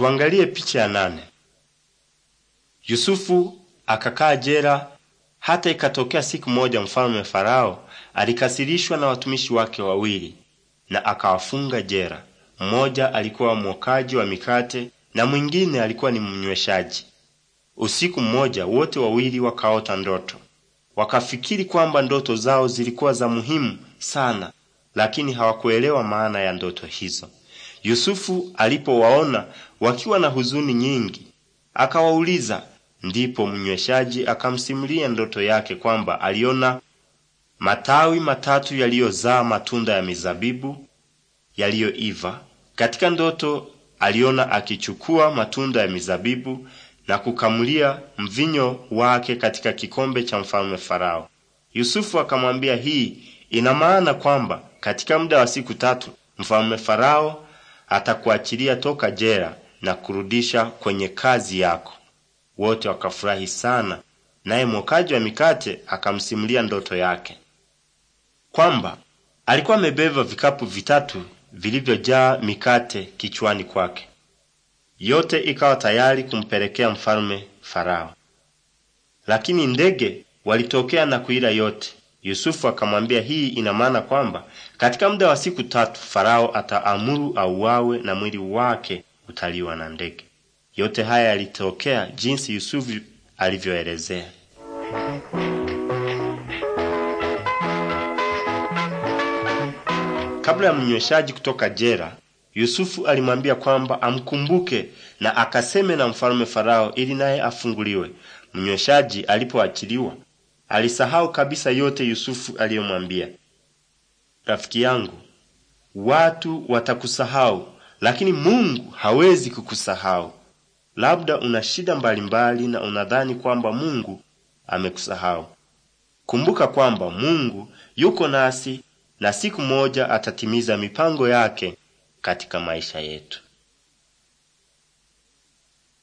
Tuangalie picha ya nane. Yusufu akakaa jela hata ikatokea siku moja mfalme Farao alikasirishwa na watumishi wake wawili na akawafunga jela. Mmoja alikuwa mwokaji wa mikate na mwingine alikuwa ni mnyweshaji. Usiku mmoja wote wawili wakaota ndoto. Wakafikiri kwamba ndoto zao zilikuwa za muhimu sana, lakini hawakuelewa maana ya ndoto hizo. Yusufu alipowaona wakiwa na huzuni nyingi, akawauliza. Ndipo mnyweshaji akamsimulia ndoto yake kwamba aliona matawi matatu yaliyozaa matunda ya mizabibu yaliyoiva. Katika ndoto aliona akichukua matunda ya mizabibu na kukamulia mvinyo wake katika kikombe cha mfalme Farao. Yusufu akamwambia, hii ina maana kwamba katika muda wa siku tatu mfalme Farao atakuachilia toka jela na kurudisha kwenye kazi yako. Wote wakafurahi sana, naye mwokaji wa mikate akamsimulia ndoto yake kwamba alikuwa amebeba vikapu vitatu vilivyojaa mikate kichwani kwake. Yote ikawa tayari kumpelekea mfalme Farao, lakini ndege walitokea na kuila yote. Yusufu akamwambia, hii ina maana kwamba katika muda wa siku tatu Farao ataamuru auawe na mwili wake utaliwa na ndege. Yote haya yalitokea jinsi Yusufu alivyoelezea. Kabla ya mnyweshaji kutoka jela, Yusufu alimwambia kwamba amkumbuke na akaseme na mfalme Farao ili naye afunguliwe. Mnyweshaji alipoachiliwa Alisahau kabisa yote Yusufu aliyomwambia. Rafiki yangu, watu watakusahau, lakini Mungu hawezi kukusahau. Labda una shida mbalimbali na unadhani kwamba Mungu amekusahau. Kumbuka kwamba Mungu yuko nasi na siku moja atatimiza mipango yake katika maisha yetu.